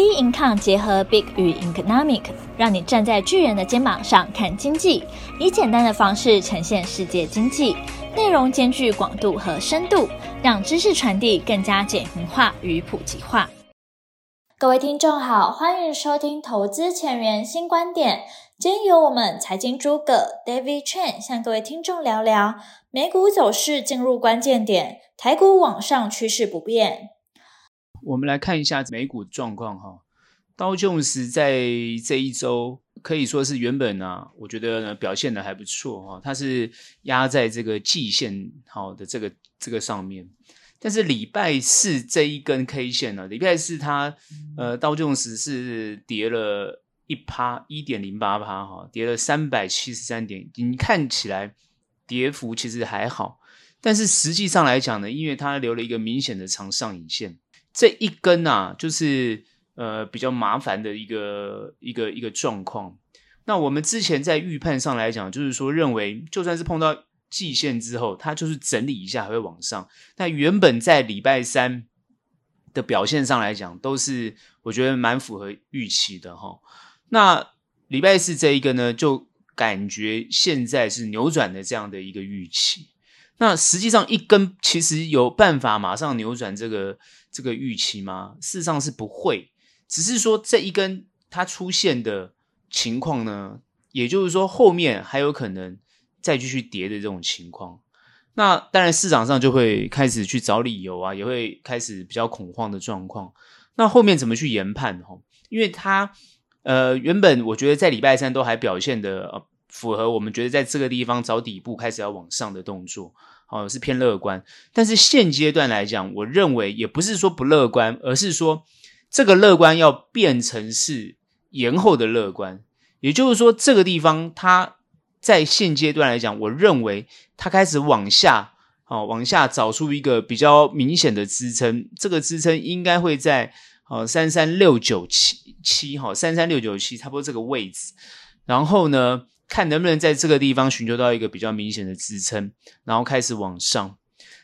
Big income 結合 big 與 economic，讓你站在巨人的肩膀上看經濟，以簡單的方式呈現世界經濟，內容兼具廣度和深度，讓知識傳遞更加簡明化與普及化。各位聽眾好，歡迎收聽投資前緣新觀點，今天由我們財經諸葛 David Chen 向各位聽眾聊聊，美股走勢進入關鍵點，台股往上趨勢不變。我們來看一下美股狀況哈、哦，道瓊斯在這一周可以說是原本呢、啊，我覺得呢表現的還不錯哈、哦，它是壓在這個季線好的這個這個上面，但是禮拜四這一根 K 線呢、啊，禮拜四它、嗯、呃道瓊斯是跌了一趴一點零八趴哈，跌了三百七十三點，你看起來跌幅其實還好，但是實際上來講呢，因為它留了一個明顯的長上影線。這一根吶、啊，就是呃比較麻煩的一個一個一個狀況。那我們之前在預判上來講，就是說認為，就算是碰到季線之後，它就是整理一下還會往上。但原本在禮拜三的表現上來講，都是我覺得蠻符合預期的哈。那禮拜四這一個呢，就感覺現在是扭轉了這樣的一個預期。那實際上一根其實有辦法馬上扭轉這個這個預期嗎？事實上是不會，只是說這一根它出現的情況呢，也就是說後面還有可能再繼續跌的這種情況。那當然市場上就會開始去找理由啊，也會開始比較恐慌的狀況。那後面怎麼去研判？吼，因為它呃原本我覺得在禮拜三都還表現的符合我們覺得在這個地方找底部開始要往上的動作，哦，是偏樂觀。但是現階段來講，我認為也不是說不樂觀，而是說這個樂觀要變成是延後的樂觀。也就是說，這個地方它在現階段來講，我認為它開始往下，哦，往下找出一個比較明顯的支撐。這個支撐應該會在，哦，三三六九七七，哦，三三六九七差不多這個位置。然後呢，看能不能在這個地方尋求到一個比較明顯的支撐，然後開始往上。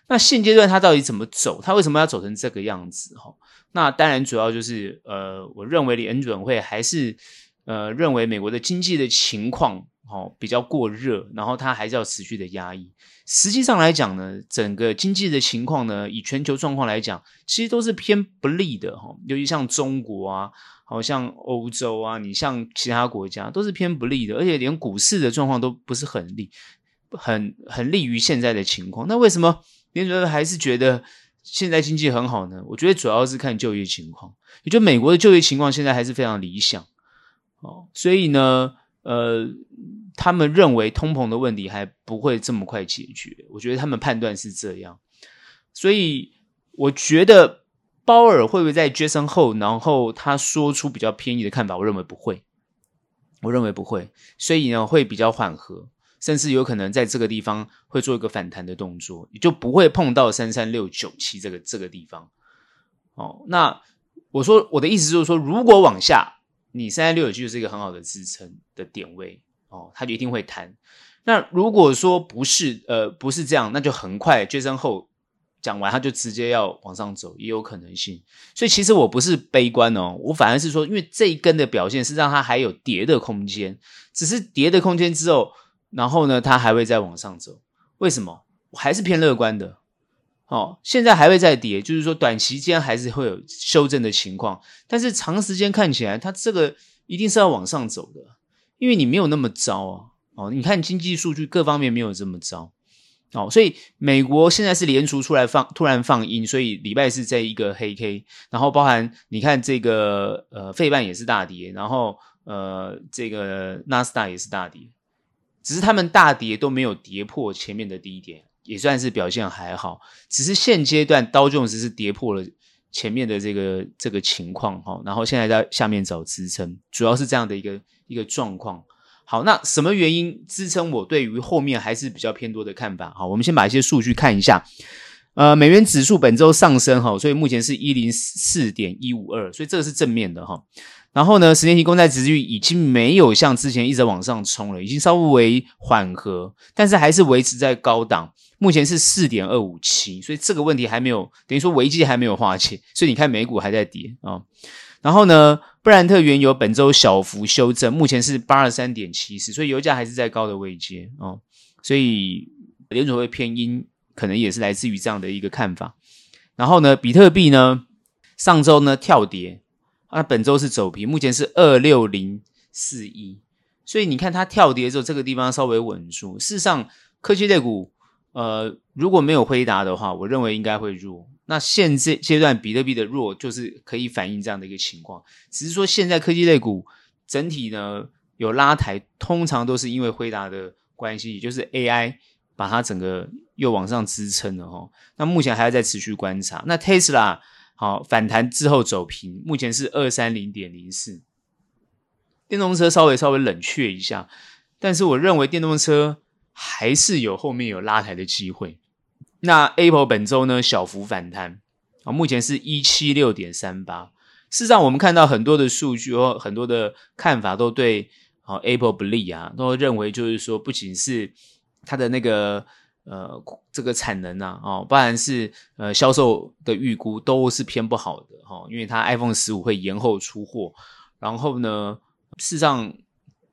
那現階段它到底怎麼走？它為什麼要走成這個樣子？哈，那當然主要就是呃，我認為聯準會還是呃，認為美國的經濟的情況。好，比較過熱，然後它還是要持續的壓抑。實際上來講呢，整個經濟的情況呢，以全球狀況來講，其實都是偏不利的哈。尤其像中國啊，好像歐洲啊，你像其他國家都是偏不利的，而且連股市的狀況都不是很利，很很利於現在的情況。那為什麼聯準會還是覺得現在經濟很好呢？我覺得主要是看就業情況，也就是美國的就業情況現在還是非常理想。哦，所以呢。呃，他們認為通膨的問題還不會這麼快解決，我覺得他們判斷是這樣，所以我覺得鮑爾會不會在 Jackson Hole，然後他說出比較偏移的看法，我認為不會，我認為不會，所以呢會比較緩和，甚至有可能在這個地方會做一個反彈的動作，也就不會碰到三三六九七這個這個地方。哦，那我說我的意思就是說，如果往下。你現在六九七，就是一個很好的支撐的點位哦，它就一定會彈。那如果說不是，呃，不是這樣，那就很快，周三後講完它就直接要往上走，也有可能性。所以其實我不是悲觀哦，我反而是說，因為這一根的表現是讓它還有跌的空間，只是跌的空間之後，然後呢，它還會再往上走。為什麼？我還是偏樂觀的。哦，現在還會再跌，就是說，短期間還是會有修正的情況，但是長時間看起來，它這個一定是要往上走的，因為你沒有那麼糟啊。哦，你看經濟數據各方面沒有這麼糟，哦，所以美國現在是聯準出來放，突然放鷹，所以禮拜四是這一個黑 K，然後包含你看這個呃，費半也是大跌，然後呃，這個納斯達也是大跌，只是他們大跌都沒有跌破前面的低點。也算是表現還好，只是現階段道瓊只是跌破了前面的這個這個情況哈，然後現在在下面找支撐，主要是這樣的一個一個狀況。好，那什麼原因支撐我對於後面還是比較偏多的看法？好，我們先把一些數據看一下，呃，美元指數本周上升哈，所以目前是一零四點一五二，所以這個是正面的哈。然後呢，十年期公債殖率已經沒有像之前一直往上衝了，已經稍微為緩和，但是還是維持在高檔，目前是四點二五七，所以這個問題還沒有，等於說危機還沒有化解，所以你看美股還在跌啊、哦。然後呢，布蘭特原油本周小幅修正，目前是八二三點七四，所以油價還是在高的位階哦，所以聯準會偏鷹，可能也是來自於這樣的一個看法。然後呢，比特幣呢，上周呢跳跌。那本周是走平，目前是二六零四一，所以你看它跳跌之後，這個地方稍微穩住。事實上，科技類股，呃，如果沒有輝達的話，我認為應該會弱。那現在階段比特幣的弱，就是可以反映這樣的一個情況。只是說現在科技類股整體呢有拉抬，通常都是因為輝達的關係，也就是 AI 把它整個又往上支撐了吼。那目前還要再持續觀察。那 Tesla。好，反彈之後走平，目前是二三零點零四。電動車稍微稍微冷卻一下，但是我認為電動車還是有後面有拉抬的機會。那 Apple 本周呢小幅反彈啊，目前是一七六點三八。事實上，我們看到很多的數據和很多的看法都對啊 Apple 不利啊，都認為就是說不僅是它的那個。呃，這個產能啊，哦，不然是呃銷售的預估都是偏不好的哈、哦，因為它 iPhone 十五會延後出貨，然後呢，事實上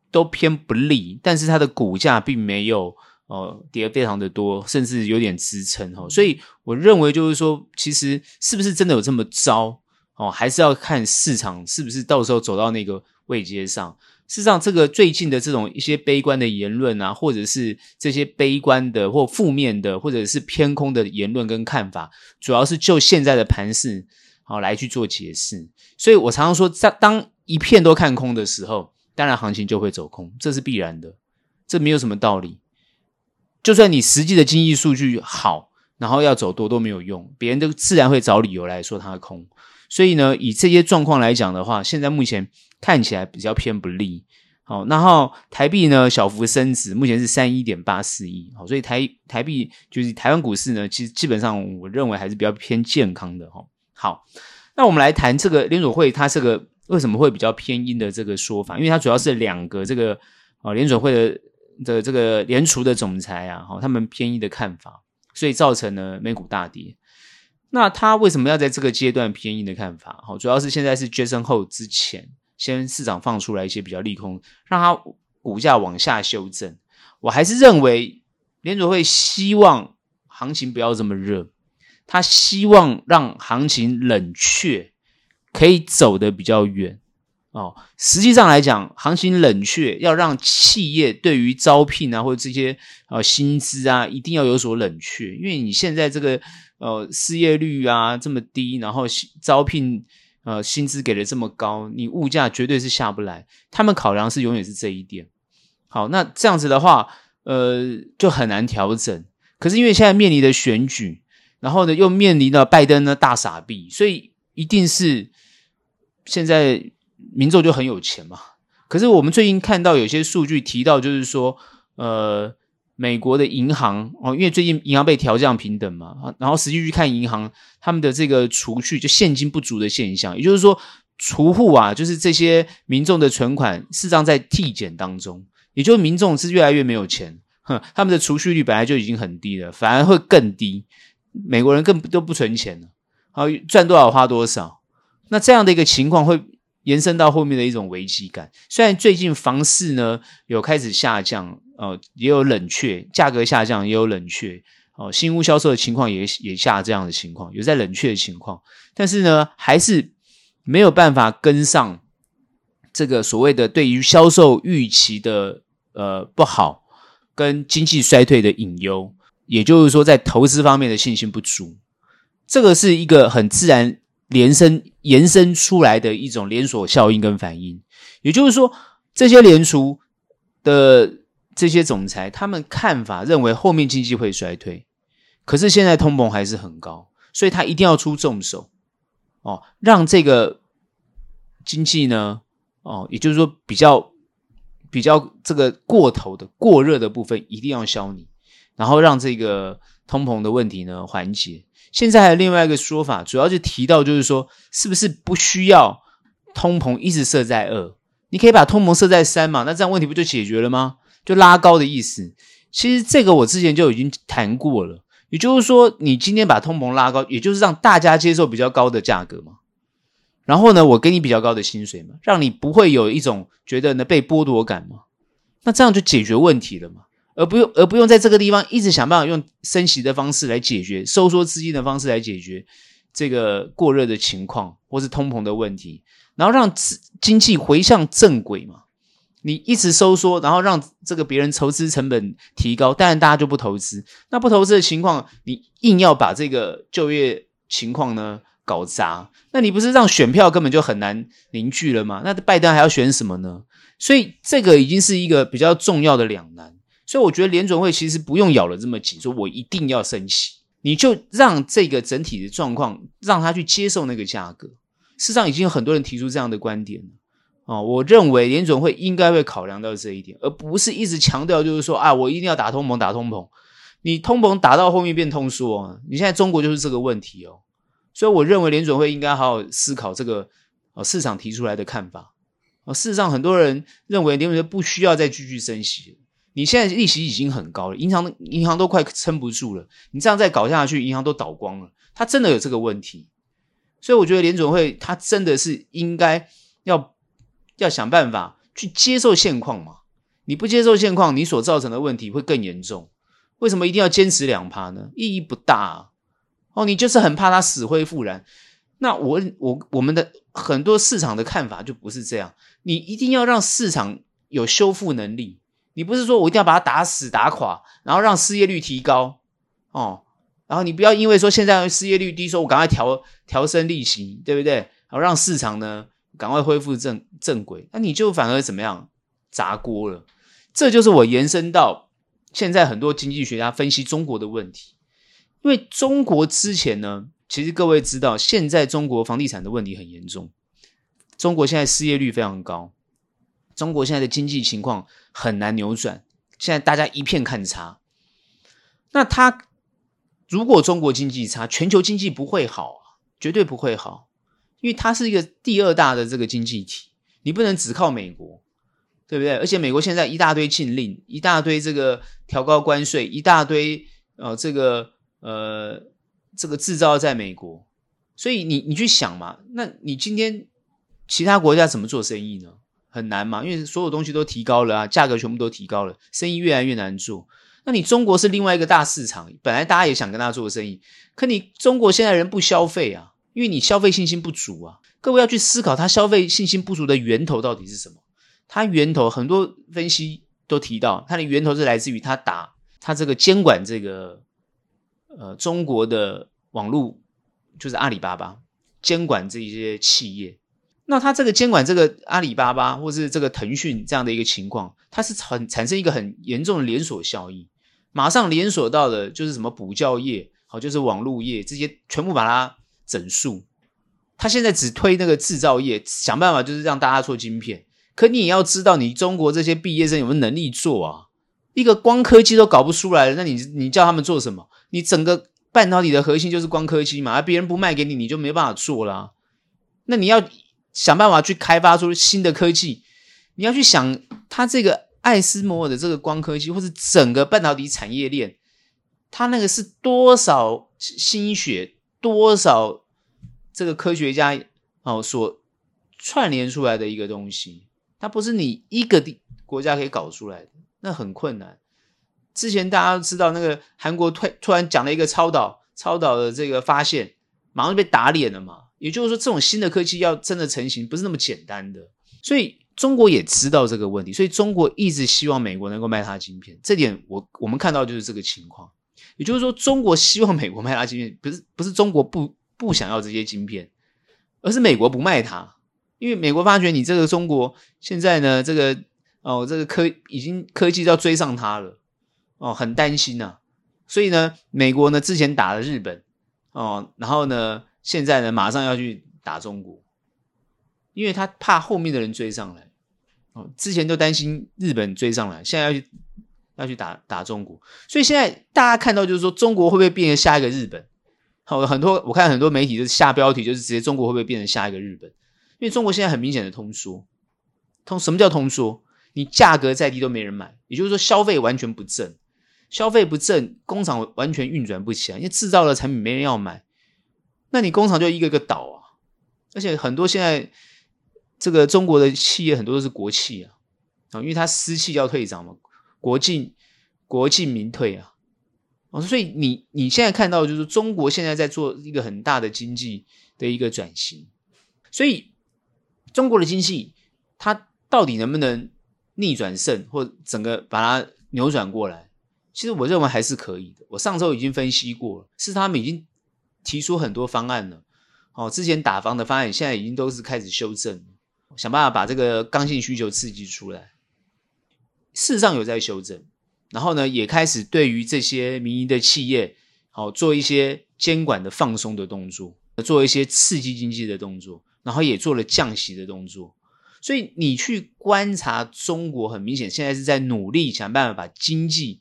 都偏不利，但是它的股價並沒有呃、哦、跌非常的多，甚至有點支撐哦，所以我認為就是說，其實是不是真的有這麼糟哦，還是要看市場是不是到時候走到那個位階上。事實上，這個最近的這種一些悲觀的言論啊，或者是這些悲觀的或負面的，或者是偏空的言論跟看法，主要是就現在的盤勢好，哦，來去做解釋。所以我常常說，在當一片都看空的時候，當然行情就會走空，這是必然的，這沒有什麼道理。就算你實際的經濟數據好，然後要走多都沒有用，別人都自然會找理由來說它空。所以呢，以這些狀況來講的話，現在目前看起來比較偏不利。好，然後台幣呢，小幅升值，目前是三一點八四億。好，所以台台幣就是台灣股市呢，其實基本上我認為還是比較偏健康的。哈，好，那我們來談這個聯儲會它這個為什麼會比較偏鷹的這個說法，因為它主要是兩個這個哦聯儲會的的這個聯儲的總裁啊，哈，他們偏鷹的看法，所以造成了美股大跌。那他為什麼要在這個階段偏硬的看法？好，主要是現在是降息後之前，先市場放出來一些比較利空，讓它股價往下修正。我還是認為聯儲會希望行情不要這麼熱，他希望讓行情冷卻，可以走得比較遠哦。實際上來講，行情冷卻要讓企業對於招聘啊或者這些呃薪資啊一定要有所冷卻，因為你現在這個。呃，失業率啊這麼低，然後招聘呃薪資給的這麼高，你物價絕對是下不來。他們考量是永遠是這一點。好，那這樣子的話，呃，就很難調整。可是因為現在面臨的選舉，然後呢又面臨了拜登的大撒幣，所以一定是現在民眾就很有錢嘛。可是我們最近看到有些數據提到，就是說呃。美國的銀行哦，因為最近銀行被調降評等嘛，然後實際去看銀行他們的這個儲蓄就現金不足的現象，也就是說，儲戶啊，就是這些民眾的存款事實上在遞減當中，也就是民眾是越來越沒有錢，他們的儲蓄率本來就已經很低了，反而會更低，美國人更都不存錢了，啊，賺多少花多少，那這樣的一個情況會延伸到後面的一種危機感。雖然最近房市呢有開始下降，哦，也有冷卻，價格下降也有冷卻。哦，新屋銷售的情況也也下降這樣的情況，有在冷卻的情況。但是呢，還是沒有辦法跟上這個所謂的對於銷售預期的呃不好，跟經濟衰退的隱憂，也就是說，在投資方面的信心不足，這個是一個很自然延伸延伸出來的一種連鎖效應跟反應。也就是說，這些聯儲的。這些總裁他們看法認為後面經濟會衰退，可是現在通膨還是很高，所以他一定要出重手，哦，讓這個經濟呢，哦，也就是說比較比較這個過頭的過熱的部分一定要消弭，然後讓這個通膨的問題呢緩解。現在還有另外一個說法，主要就提到就是說，是不是不需要通膨一直設在二？你可以把通膨設在三嘛？那這樣問題不就解決了嗎？就拉高的意思，其實這個我之前就已經談過了。也就是說，你今天把通膨拉高，也就是讓大家接受比較高的價格嘛。然後呢，我給你比較高的薪水嘛，讓你不會有一種覺得呢被剝奪感嘛。那這樣就解決問題了嘛，而不用而不用在這個地方一直想辦法用升息的方式來解決，收縮資金的方式來解決這個過熱的情況或是通膨的問題，然後讓經濟回向正軌嘛。你一直收縮，然後讓這個別人籌資成本提高，當然大家就不投資。那不投資的情況，你硬要把這個就業情況呢搞砸，那你不是讓選票根本就很難凝聚了嗎？那拜登還要選什麼呢？所以這個已經是一個比較重要的兩難。所以我覺得聯準會其實不用咬了這麼緊，說我一定要升息，你就讓這個整體的狀況讓他去接受那個價格。事實上，已經有很多人提出這樣的觀點了。啊、哦，我認為聯準會應該會考量到這一點，而不是一直強調就是說啊，我一定要打通膨，打通膨，你通膨打到後面變通縮哦，你現在中國就是這個問題哦。所以我認為聯準會應該好好思考這個啊、哦、市場提出來的看法啊、哦。事實上，很多人認為聯準會不需要再繼續升息了。你現在利息已經很高了，銀行銀行都快撐不住了。你這樣再搞下去，銀行都倒光了。他真的有這個問題。所以我覺得聯準會他真的是應該要。要想辦法去接受現況嘛，你不接受現況，你所造成的問題會更嚴重。為什麼一定要堅持兩趴呢？意義不大啊。哦，你就是很怕它死灰復燃。那我我我們的很多市場的看法就不是這樣。你一定要讓市場有修復能力。你不是說我一定要把它打死打垮，然後讓失業率提高。哦，然後你不要因為說現在失業率低，說我趕快調調升利息，對不對？然後讓市場呢。趕快恢復正正軌，那、啊、你就反而怎麼樣砸鍋了？這就是我延伸到現在很多經濟學家分析中國的問題。因為中國之前呢，其實各位知道，現在中國房地產的問題很嚴重，中國現在失業率非常高，中國現在的經濟情況很難扭轉。現在大家一片看差，那他如果中國經濟差，全球經濟不會好啊，絕對不會好。因為它是一個第二大的這個經濟體，你不能只靠美國，對不對？而且美國現在一大堆禁令，一大堆這個調高關稅，一大堆呃這個呃這個製造在美國，所以你你去想嘛，那你今天其他國家怎麼做生意呢？很難嘛，因為所有東西都提高了啊，價格全部都提高了，生意越來越難做。那你中國是另外一個大市場，本來大家也想跟他做生意，可你中國現在人不消費啊。因為你消費信心不足啊，各位要去思考，它消費信心不足的源頭到底是什麼？它源頭很多分析都提到，它的源頭是來自於它打它這個監管這個，呃，中國的網路就是阿里巴巴監管這一些企業，那它這個監管這個阿里巴巴或是這個騰訊這樣的一個情況，它是很產，產生一個很嚴重的連鎖效應，馬上連鎖到的就是什麼補教業，好，就是網路業，這些全部把它。整數，他現在只推那個製造業，想辦法就是讓大家做晶片。可你也要知道，你中國這些畢業生有沒有能力做啊？一個光科技都搞不出來了，那你你叫他們做什麼？你整個半導體的核心就是光科技嘛，啊，而別人不賣給你，你就沒辦法做啦，啊。那你要想辦法去開發出新的科技，你要去想他這個艾斯摩爾的這個光科技，或是整個半導體產業鏈，他那個是多少心血？多少這個科學家哦所串聯出來的一個東西，它不是你一個地國家可以搞出來的，那很困難。之前大家都知道那個韓國突突然講了一個超導，超導的這個發現，馬上就被打臉了嘛，也就是說，這種新的科技要真的成型，不是那麼簡單的。所以中國也知道這個問題，所以中國一直希望美國能夠賣它晶片，這點我我們看到就是這個情況。也就是說，中國希望美國賣他晶片，不是不是中國不不想要這些晶片，而是美國不賣它，因為美國發覺你這個中國現在呢，這個哦這個科已經科技都要追上它了，哦很擔心吶、啊，所以呢，美國呢之前打了日本，哦，然後呢，現在呢馬上要去打中國，因為他怕後面的人追上來，哦之前都擔心日本追上來，現在要去。要去打打中國，所以現在大家看到就是說，中國會不會變成下一個日本？好，很多我看很多媒體就是下標題，就是直接中國會不會變成下一個日本？因為中國現在很明顯的通縮，通什麼叫通縮？你價格再低都沒人買，也就是說消費完全不振，消費不振，工廠完全運轉不起來，因為製造的產品沒人要買，那你工廠就一個個倒啊！而且很多現在這個中國的企業很多都是國企啊，啊，因為它私企要退場嘛。國進國進民退啊，哦，所以你你現在看到的就是中國現在在做一個很大的經濟的一個轉型，所以中國的經濟它到底能不能逆轉勝或整個把它扭轉過來？其實我認為還是可以的。我上周已經分析過了，是他們已經提出很多方案了。哦，之前打房的方案現在已經都是開始修正，想辦法把這個剛性需求刺激出來。事實上有在修正，然後呢，也開始對於這些民營的企業，好、哦，做一些監管的放鬆的動作，做一些刺激經濟的動作，然後也做了降息的動作。所以你去觀察中國，很明顯現在是在努力想辦法把經濟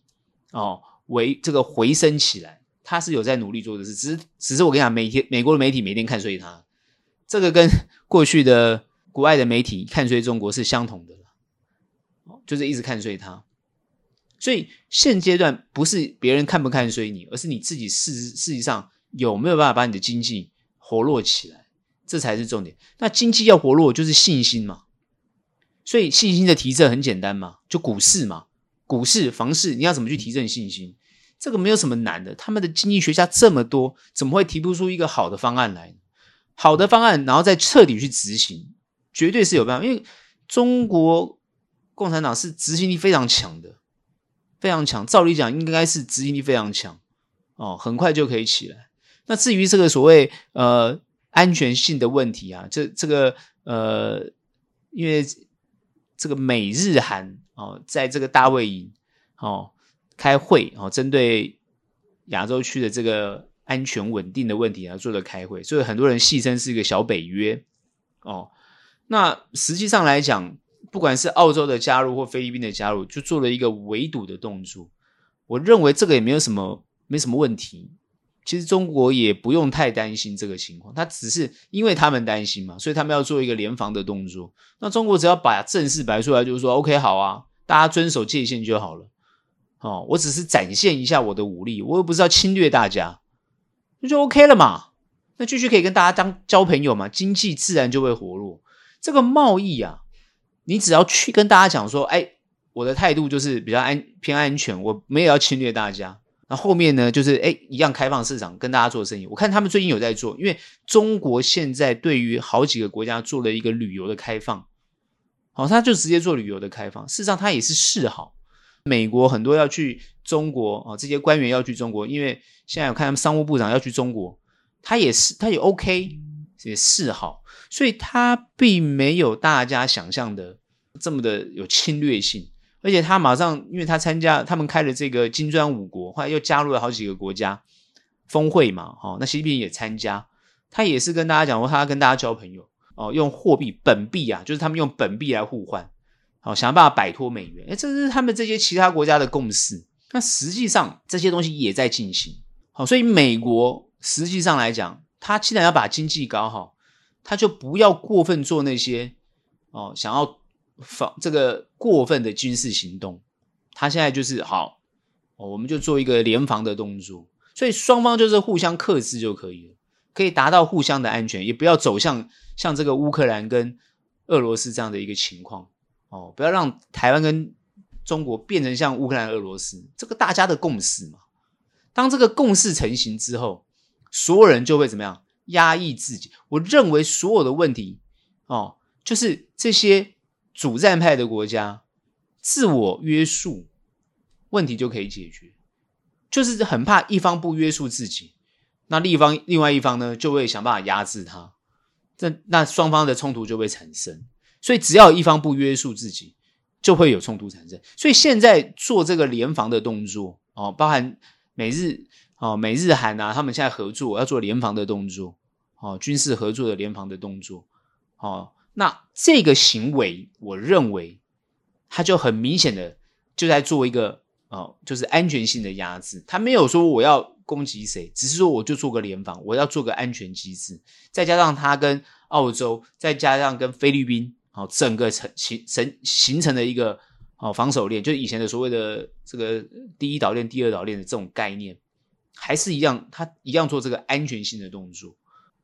哦，為，這個回升起來，它是有在努力做的事，只是只是我跟你講，每天美國的媒體每天看衰它，這個跟過去的國外的媒體看衰中國是相同的。就是一直看衰他，所以現階段不是別人看不看衰你，而是你自己事。事實上有沒有辦法把你的經濟活絡起來，這才是重點。那經濟要活絡，就是信心嘛。所以信心的提振很簡單嘛，就股市嘛，股市、房市，你要怎麼去提振信心？這個沒有什麼難的，他們的經濟學家這麼多，怎麼會提不出一個好的方案來？好的方案，然後再徹底去執行，絕對是有辦法。因為中國。共產黨是執行力非常強的，非常強。照理講，應該是執行力非常強哦，很快就可以起來。那至於這個所謂呃，安全性的問題啊，這這個呃，因為這個美日韓哦，在這個大衛營哦開會哦，針對亞洲區的這個安全穩定的問題而做的開會，所以很多人戲稱是一個小北約哦。那實際上來講，不管是澳洲的加入或菲律賓的加入，就做了一個圍堵的動作。我認為這個也沒有什麼沒什麼問題。其實中國也不用太擔心這個情況，他只是因為他們擔心嘛，所以他們要做一個聯防的動作。那中國只要把正事擺出來，就是說 OK 好啊，大家遵守界限就好了。哦，我只是展現一下我的武力，我又不是要侵略大家，那就 OK 了嘛。那繼續可以跟大家當交朋友嘛，經濟自然就會活絡。這個貿易啊。你只要去跟大家講說，哎、欸，我的態度就是比較安偏安全，我沒有要侵略大家。那後，後面呢，就是哎、欸，一樣開放市場，跟大家做生意。我看他們最近有在做，因為中國現在對於好幾個國家做了一個旅遊的開放，好、哦，他就直接做旅遊的開放。事實上，他也是示好。美國很多要去中國啊、哦，這些官員要去中國，因為現在我看他們商務部長要去中國，他也是，他也 OK，也示好。所以他並沒有大家想象的這麼的有侵略性，而且他馬上，因為他參加他們開了這個金磚五國，後來又加入了好幾個國家峰會嘛，哈、哦，那習近平也參加，他也是跟大家講說他要跟大家交朋友哦，用貨幣本幣啊，就是他們用本幣來互換，好、哦，想要辦法擺脫美元，哎，這是他們這些其他國家的共識。那實際上這些東西也在進行，好、哦，所以美國實際上來講，他既然要把經濟搞好。他就不要過分做那些哦，想要防這個過分的軍事行動。他現在就是好，哦，我們就做一個聯防的動作，所以雙方就是互相克制就可以了，可以達到互相的安全，也不要走向像這個烏克蘭跟俄羅斯這樣的一個情況哦，不要讓台灣跟中國變成像烏克蘭、俄羅斯，這個大家的共識嘛。當這個共識成型之後，所有人就會怎麼樣？壓抑自己，我認為所有的問題哦，就是這些主戰派的國家自我約束問題就可以解決，就是很怕一方不約束自己，那另一方，另外一方呢，就會想辦法壓制他，這那雙方的衝突就會產生。所以只要一方不約束自己，就會有衝突產生。所以現在做這個聯防的動作哦，包含美日。哦，美日韓吶、啊，他們現在合作，我要做聯防的動作，哦，軍事合作的聯防的動作，哦，那這個行為，我認為，他就很明顯的就在做一個，哦，就是安全性的壓制。他沒有說我要攻擊誰，只是說我就做個聯防，我要做個安全機制。再加上他跟澳洲，再加上跟菲律賓，哦，整個成形形形成了一個哦防守鏈，就是以前的所謂的這個第一島鏈、第二島鏈的這種概念。還是一樣，他一樣做這個安全性的動作。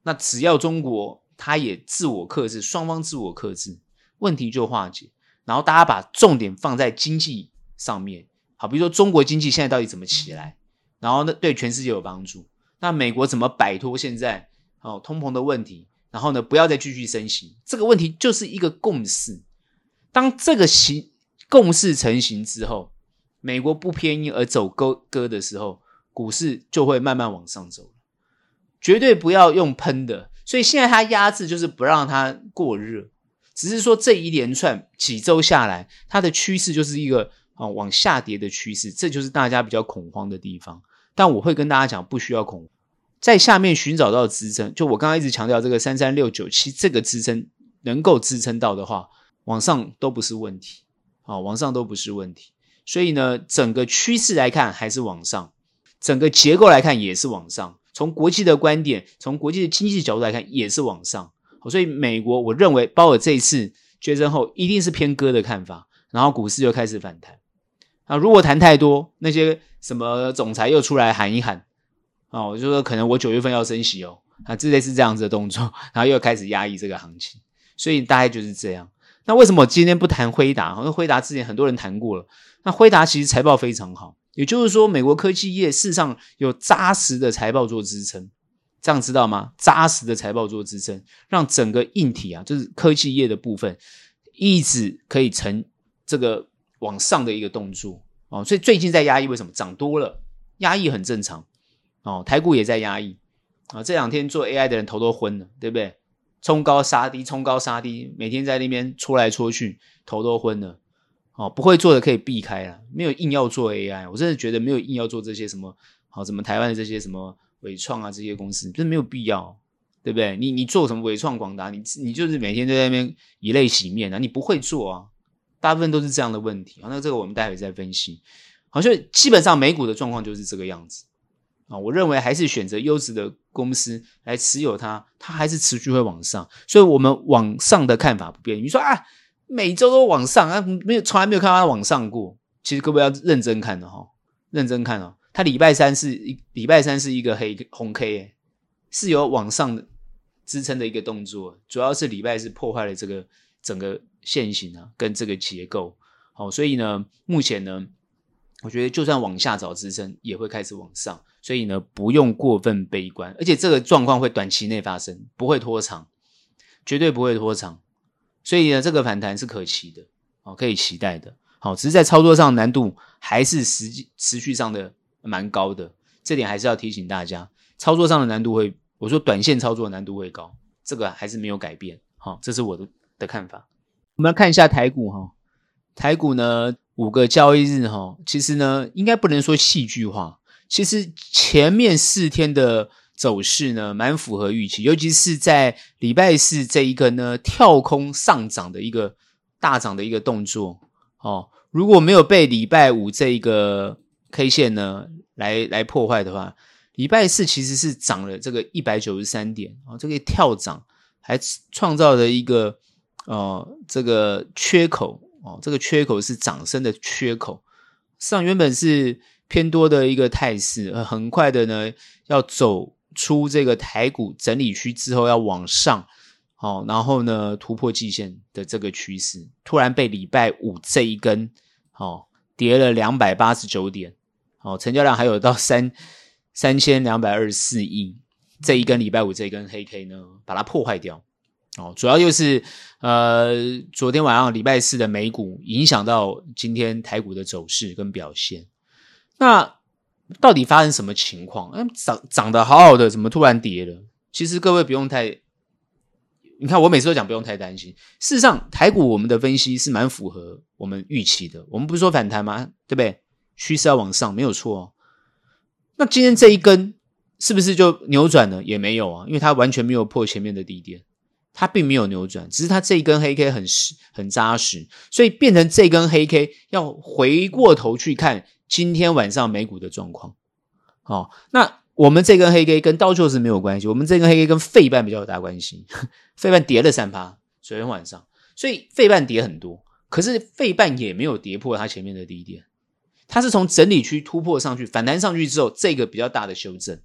那，只要中國他也自我克制，雙方自我克制，問題就化解。然後大家把重點放在經濟上面，好，比如說中國經濟現在到底怎麼起來？然後呢，對全世界有幫助。那美國怎麼擺脫現在哦通膨的問題？然後呢，不要再繼續升息。這個問題就是一個共識。當這個行共識成型之後，美國不偏鷹而走鴿鴿的時候，股市就會慢慢往上走，絕對不要用噴的，所以現在它壓制就是不讓它過熱，只是說這一連串幾周下來，它的趨勢就是一個啊、呃、往下跌的趨勢，這就是大家比較恐慌的地方。但我會跟大家講，不需要恐慌，在下面尋找到支撐，就我剛剛一直強調這個三三六九七這個支撐能夠支撐到的話，往上都不是問題啊、呃，往上都不是問題。所以呢，整個趨勢來看還是往上。整個結構來看也是往上，從國際的觀點，從國際的經濟角度來看也是往上，所以美國我認為包括這一次確認後一定是偏鴿的看法，然後股市又開始反彈。啊，如果談太多，那些什麼總裁又出來喊一喊，啊，我就說可能我九月份要升息哦，啊，這類似這樣子的動作，然後又開始壓抑這個行情，所以大概就是這樣。那為什麼我今天不談輝達？好像輝達之前很多人談過了，那輝達其實財報非常好。也就是說，美國科技業事實上有扎實的財報做支撐，這樣知道嗎？扎實的財報做支撐，讓整個硬體啊，就是科技業的部分，一直可以成這個往上的一個動作哦。所以最近在壓抑，為什麼？漲多了，壓抑很正常哦。台股也在壓抑啊。這兩天做 AI 的人頭都昏了，對不對？衝高殺低，衝高殺低，每天在那邊戳來戳去，頭都昏了。哦，不會做的可以避開啊。沒有硬要做 AI，我真的覺得沒有硬要做這些什麼，好、哦，什麼台灣的這些什麼緯創啊這些公司，這沒有必要，對不對？你你做什麼緯創廣達、啊，你你就是每天就在那邊以淚洗面啊，你不會做啊，大部分都是這樣的問題啊。那這個我們待會再分析，好，像基本上美股的狀況就是這個樣子啊、哦。我認為還是選擇優質的公司來持有它，它還是持續會往上，所以我們往上的看法不變。你說啊？每週都往上，啊，沒有，從來沒有看到它往上過。其實各位要認真看的、哦、哈，認真看哦。它禮拜三是一禮拜三是一個黑紅 K、欸、是有往上支撐的一個動作。主要是禮拜四破壞了這個整個線型啊，跟這個結構。好、哦，所以呢，目前呢，我覺得就算往下找支撐，也會開始往上。所以呢，不用過分悲觀，而且這個狀況會短期內發生，不會拖長，絕對不會拖長。所以呢，這個反彈是可期的，哦，可以期待的，好，只是在操作上的難度還是持持續上的蠻高的，這點還是要提醒大家，操作上的難度會，我說短線操作難度會高，這個還是沒有改變，好，這是我的的看法。我們來看一下台股哈，台股呢五個交易日哈，其實呢應該不能說戲劇化，其實前面四天的。走勢呢，蠻符合預期，尤其是在禮拜四這一個呢跳空上漲的一個大漲的一個動作哦。如果沒有被禮拜五這一個 K 線呢來來破壞的話，禮拜四其實是漲了這個一百九十三點啊，這個跳漲還創造了一個呃這個缺口哦，這個缺口是漲升的缺口上，原本是偏多的一個態勢，很快的呢要走。出這個台股整理區之後要往上，哦，然後呢突破季線的這個趨勢，突然被禮拜五這一根，哦，跌了兩百八十九點，哦，成交量還有到三三千兩百二十四億，這一根禮拜五這一根黑 K 呢，把它破壞掉，哦，主要就是呃，昨天晚上禮拜四的美股影響到今天台股的走勢跟表現，那。到底發生什麼情況？嗯，漲漲得好好的，怎麼突然跌了？其實各位不用太，你看我每次都講不用太擔心。事實上，台股我們的分析是蠻符合我們預期的。我們不是說反彈嗎？對不對？趨勢要往上，沒有錯哦。那今天這一根是不是就扭轉了？也沒有啊，因為它完全沒有破前面的低點，它並沒有扭轉，只是它這一根黑 K 很實很扎實，所以變成這根黑 K 要回過頭去看。今天晚上美股的狀況。哦，那我們這根黑 K 跟道瓊斯沒有關係，我們這根黑 K 跟費半比較有大關係。費半跌了三趴昨天晚上，所以費半跌很多，可是費半也沒有跌破它前面的低點，它是從整理區突破上去，反彈上去之後，這個比較大的修正。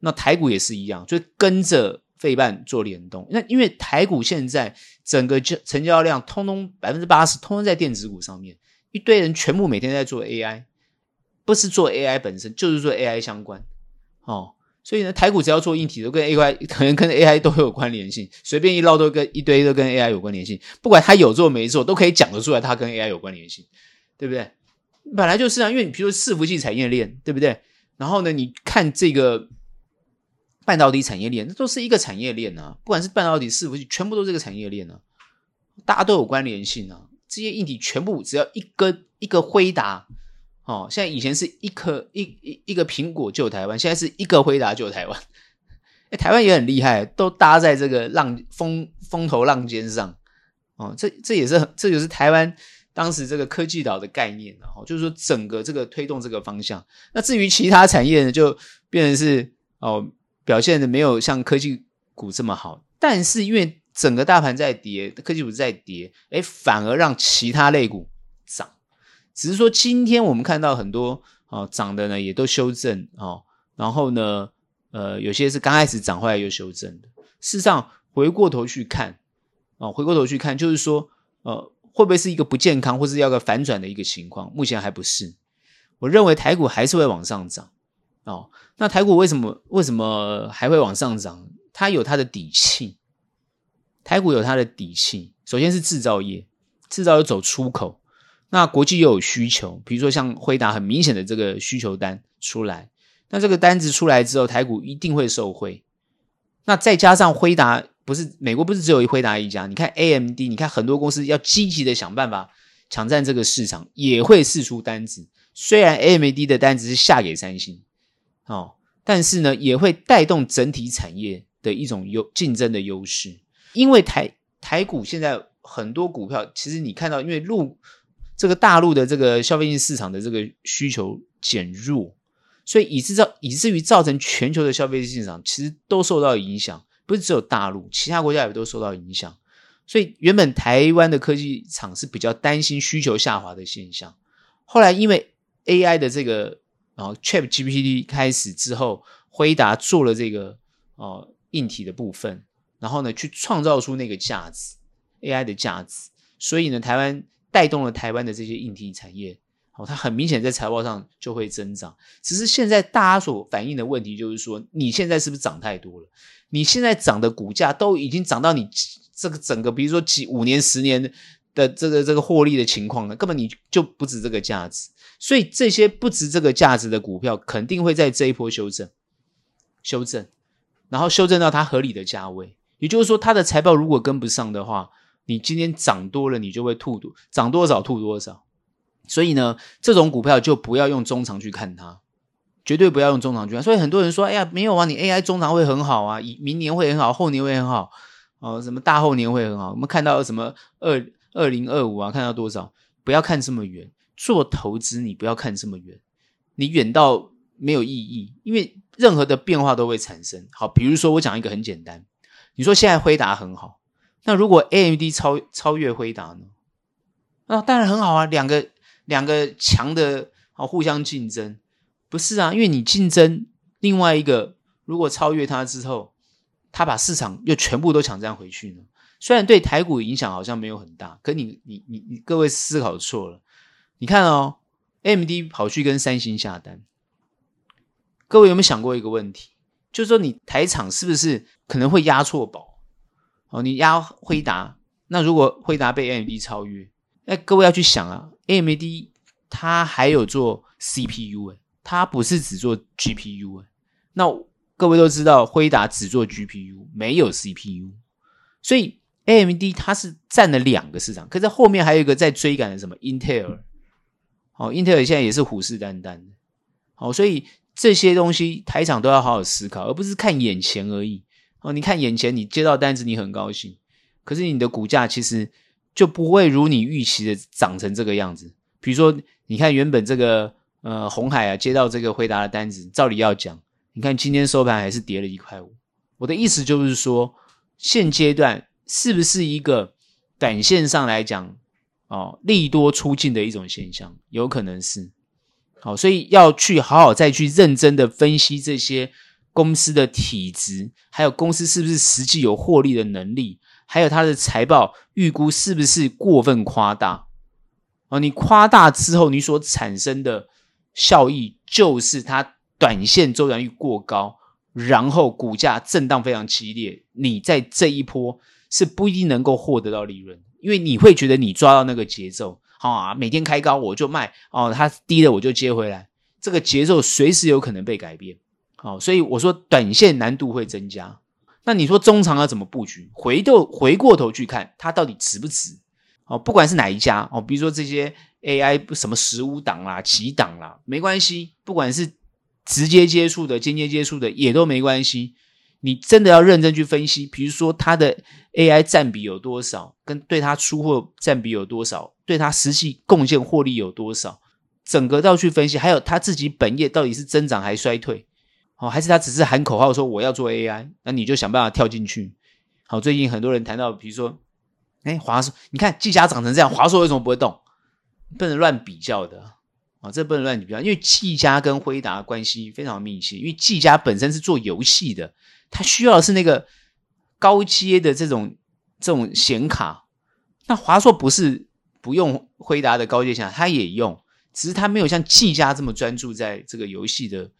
那台股也是一樣，就跟着費半做聯動。那因為台股現在整個就成交量通通百分之八十通通在電子股上面。一堆人全部每天在做 AI，不是做 AI 本身，就是做 AI 相關哦。所以呢，台股只要做硬體都跟 AI，可能跟 AI 都有關聯性。隨便一撈都跟一堆都跟 AI 有關聯性，不管他有做沒做，都可以講得出來他跟 AI 有關聯性，對不對？本來就是啊，因為你比如說伺服器產業鏈，對不對？然後呢，你看這個半導體產業鏈，那都是一個產業鏈啊，不管是半導體伺服器，全部都是這個產業鏈啊，大家都有關聯性啊。這些硬體全部只要一個一個輝達哦，現在以前是一顆一一一個蘋果救台灣，現在是一個輝達救台灣。哎，台灣也很厲害，都搭在這個浪風風頭浪尖上哦。這這也是這就是台灣當時這個科技島的概念，然後就是說整個這個推動這個方向。那至於其他產業呢，就變成是哦表現的沒有像科技股這麼好，但是因為。整個大盤在跌，科技股在跌，哎，反而讓其他類股漲。只是說，今天我們看到很多哦漲、呃、的呢，也都修正哦、呃，然後呢，呃，有些是剛開始漲後來又修正的。事實上，回過頭去看，哦、呃，回過頭去看，就是說，呃，會不會是一個不健康，或是要個反轉的一個情況？目前還不是。我認為台股還是會往上漲。哦、呃，那台股為什麼為什麼還會往上漲？它有它的底氣。台股有它的底氣，首先是製造業，製造業走出口，那國際又有需求，比如說像輝達很明顯的這個需求單出來，那這個單子出來之後，台股一定會受惠。那再加上輝達，不是，美國不是只有一輝達一家，你看 AMD，你看很多公司要積極的想辦法搶占這個市場，也會釋出單子。雖然 AMD 的單子是下給三星，哦，但是呢，也會帶動整體產業的一種優競爭的優勢。因為台台股現在很多股票，其實你看到，因為陸這個大陸的這個消費性市場的這個需求減弱，所以以至造以至於造成全球的消費性市場其實都受到影響，不是只有大陸，其他國家也都受到影響。所以原本台灣的科技廠是比較擔心需求下滑的現象，後來因為 AI 的這個啊 ChatGPT 開始之後，輝達做了這個啊、呃、硬體的部分。然後呢，去創造出那個價值，AI 的價值。所以呢，台灣帶動了台灣的這些硬體產業，哦，它很明顯在財報上就會增長。只是現在大家所反映的問題就是說，你現在是不是漲太多了？你現在漲的股價都已經漲到你這個整個，比如說幾五年、十年的這個這個獲利的情況了，根本你就不值這個價值。所以這些不值這個價值的股票，肯定會在這一波修正，修正，然後修正到它合理的價位。也就是說，它的財報如果跟不上的話，你今天漲多了，你就會吐，漲多少吐多少。所以呢，這種股票就不要用中長去看它，絕對不要用中長去看。所以很多人說：“哎呀，沒有啊，你 AI 中長會很好啊，明年會很好，後年會很好，哦，什麼大後年會很好。”我們看到什麼二二零二五啊？看到多少？不要看這麼遠。做投資你不要看這麼遠，你遠到沒有意義，因為任何的變化都會產生。好，比如說我講一個很簡單。你說現在輝達很好，那如果 AMD 超超越輝達呢？啊，當然很好啊，兩個兩個強的啊、哦、互相競爭，不是啊？因為你競爭另外一個，如果超越它之後，它把市場又全部都搶占回去呢？雖然對台股影響好像沒有很大，可你你你你各位思考錯了。你看哦，AMD 跑去跟三星下單。各位有沒有想過一個問題？就是說，你台廠是不是可能會壓錯寶？哦，你壓輝達，那如果輝達被 AMD 超越，哎，各位要去想啊，AMD 它還有做 CPU，哎，它不是只做 GPU，哎，那各位都知道，輝達只做 GPU，沒有 CPU，所以 AMD 它是佔了兩個市場，可是後面還有一個在追趕的什麼 Intel，哦，Intel 現在也是虎視眈眈的，哦，所以。這些東西台廠都要好好思考，而不是看眼前而已。哦，你看眼前，你接到單子，你很高興，可是你的股價其實就不會如你預期的漲成這個樣子。比如說，你看原本這個呃鴻海啊，接到這個回答的單子，照理要講，你看今天收盤還是跌了一塊五。我的意思就是說，現階段是不是一個短線上來講，哦利多出盡的一種現象，有可能是。好、哦，所以要去好好再去認真的分析這些公司的體質，還有公司是不是實際有獲利的能力，還有它的財報預估是不是過分誇大。哦，你誇大之後，你所產生的效益就是它短線周轉率過高，然後股價震盪非常激烈，你在這一波是不一定能夠獲得到利潤，因為你會覺得你抓到那個節奏。好，啊，每天開高我就賣哦、啊，它低了我就接回來。這個節奏隨時有可能被改變，哦、啊，所以我說短線難度會增加。那你說中長要怎麼布局？回頭回過頭去看它到底值不值？哦、啊，不管是哪一家哦、啊，比如說這些 AI 什麼十五檔啦、幾檔啦，沒關係。不管是直接接觸的、間接接觸的，也都沒關係。你真的要認真去分析，比如說它的 AI 佔比有多少，跟對它出貨佔比有多少。對他實際貢獻獲利有多少？整個都要去分析，還有他自己本業到底是增長還是衰退，哦，還是他只是喊口號說我要做 AI，那你就想辦法跳進去。好，哦，最近很多人談到，比如說，哎，華碩，你看技嘉長成這樣，華碩為什麼不會動？不能亂比較的啊，哦，這不能亂比較，因為技嘉跟輝達的關係非常密切，因為技嘉本身是做遊戲的，它需要的是那個高階的這種這種顯卡，那華碩不是。不用輝達的高階下，他也用，只是他沒有像技嘉這麼專注在這個遊戲的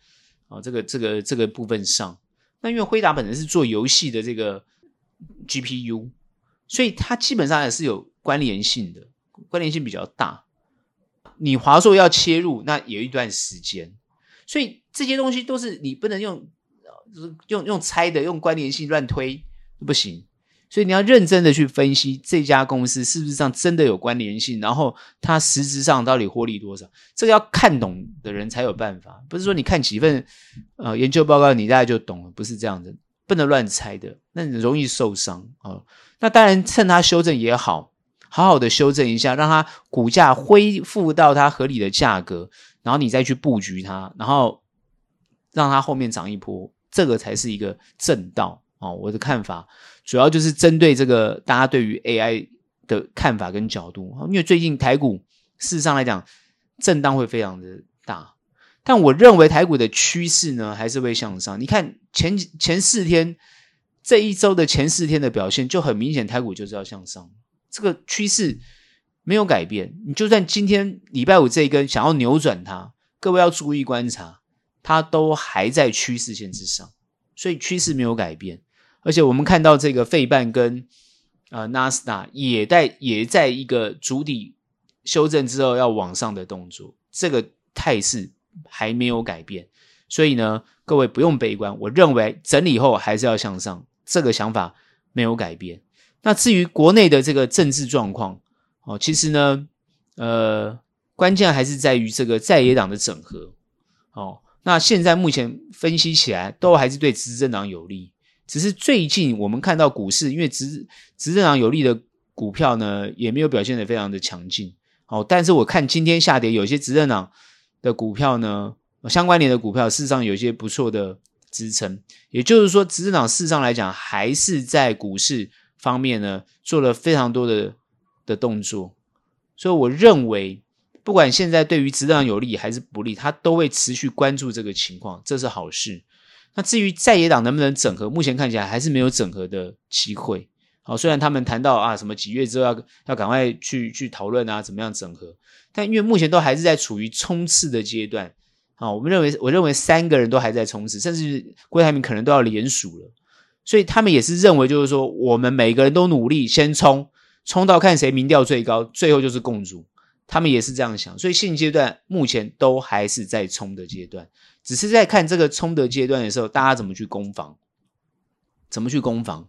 啊、哦、這個這個這個部分上。那因為輝達本身是做遊戲的這個 GPU，所以它基本上也是有關聯性的，關聯性比較大。你華碩要切入，那也有一段時間，所以這些東西都是你不能用，用用猜的，用關聯性亂推不行。所以你要認真的去分析這家公司是不是上真的有關聯性，然後它實質上到底獲利多少，這個要看懂的人才有辦法。不是說你看幾份呃研究報告，你大概就懂了，不是這樣子，不能亂猜的，那你容易受傷哦。那當然趁它修正也好，好好的修正一下，讓它股價恢復到它合理的價格，然後你再去布局它，然後讓它後面漲一波，這個才是一個正道啊、哦！我的看法。主要就是針對這個大家對於 AI 的看法跟角度，因為最近台股事實上來講震盪會非常的大，但我認為台股的趨勢呢還是會向上。你看前前四天這一周的前四天的表現就很明顯，台股就是要向上，這個趨勢沒有改變。你就算今天禮拜五這一根想要扭轉它，各位要注意觀察，它都還在趨勢線之上，所以趨勢沒有改變。而且我們看到這個費半跟呃納斯達也在也在一個築底修正之後要往上的動作，這個態勢還沒有改變，所以呢，各位不用悲觀，我認為整理後還是要向上，這個想法沒有改變。那至於國內的這個政治狀況，哦，其實呢，呃，關鍵還是在於這個在野黨的整合，哦，那現在目前分析起來都還是對執政黨有利。只是最近我們看到股市，因為執執政黨有利的股票呢，也沒有表現得非常的強勁。好，哦，但是我看今天下跌，有些執政黨的股票呢，哦，相關聯的股票事實上有一些不錯的支撐。也就是說，執政黨事實上來講，還是在股市方面呢，做了非常多的的動作。所以，我認為不管現在對於執政黨有利還是不利，他都會持續關注這個情況，這是好事。那至於在野黨能不能整合，目前看起來還是沒有整合的機會。好、哦，雖然他們談到啊，什麼幾月之後要要趕快去去討論啊，怎麼樣整合？但因為目前都還是在處於衝刺的階段啊、哦，我們認為我認為三個人都還在衝刺，甚至郭台銘可能都要連署了，所以他們也是認為就是說我們每個人都努力先衝，衝到看誰民調最高，最後就是共主。他們也是這樣想，所以現階段目前都還是在衝的階段。只是在看這個衝得階段的時候，大家怎麼去攻防，怎麼去攻防？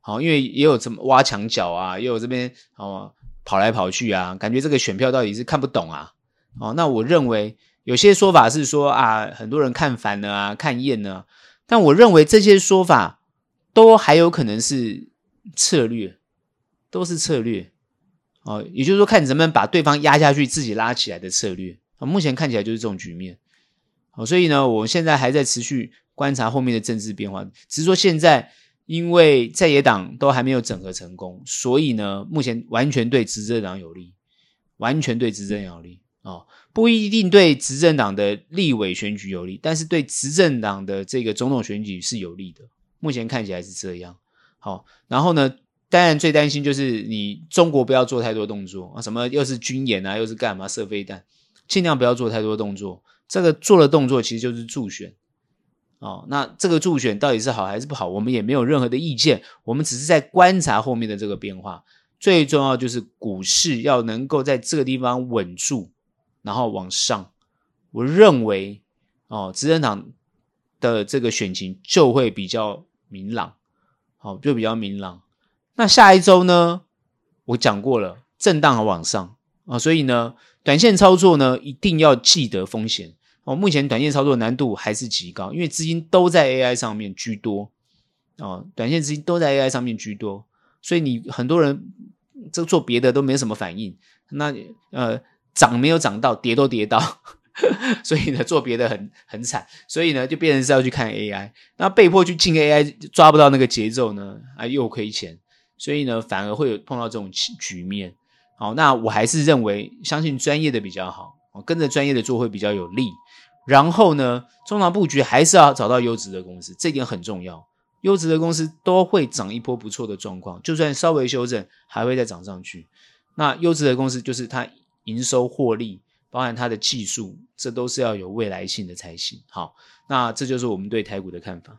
好、哦，因為也有什麼挖牆腳啊，也有這邊哦跑來跑去啊，感覺這個選票到底是看不懂啊。哦，那我認為有些說法是說啊，很多人看煩了啊，看厭了、啊。但我認為這些說法都還有可能是策略，都是策略。哦，也就是說看你能不能把對方壓下去，自己拉起來的策略、哦。目前看起來就是這種局面。哦，所以呢，我現在還在持續觀察後面的政治變化。只是說現在，因為在野黨都還沒有整合成功，所以呢，目前完全對執政黨有利，完全對執政有利，嗯。哦，不一定對執政黨的立委選舉有利，但是對執政黨的這個總統選舉是有利的。目前看起來是這樣。好，哦，然後呢，當然最擔心就是你中國不要做太多動作啊，什麼又是軍演啊，又是幹嘛射飛彈，盡量不要做太多動作。這個做的動作其實就是助選哦，那這個助選到底是好還是不好，我們也沒有任何的意見，我們只是在觀察後面的這個變化。最重要就是股市要能夠在這個地方穩住，然後往上。我認為哦，執政黨的這個選情就會比較明朗，好、哦，就比較明朗。那下一周呢，我講過了，震盪和往上啊、哦，所以呢。短線操作呢，一定要記得風險哦。目前短線操作的難度還是極高，因為資金都在 AI 上面居多哦。短線資金都在 AI 上面居多，所以你很多人這做別的都沒什麼反應。那呃，漲沒有漲到，跌都跌到，呵呵，所以呢，做別的很很慘。所以呢，就變成是要去看 AI，那被迫去進 AI，抓不到那個節奏呢，啊，又虧錢。所以呢，反而會有碰到這種局面。好，那我還是認為，相信專業的比較好，跟着專業的做會比較有利。然後呢，中長布局還是要找到優質的公司，這點很重要。優質的公司都會漲一波不錯的狀況，就算稍微修正，還會再漲上去。那優質的公司就是它營收獲利，包含它的技術，這都是要有未來性的才行。好，那這就是我們對台股的看法。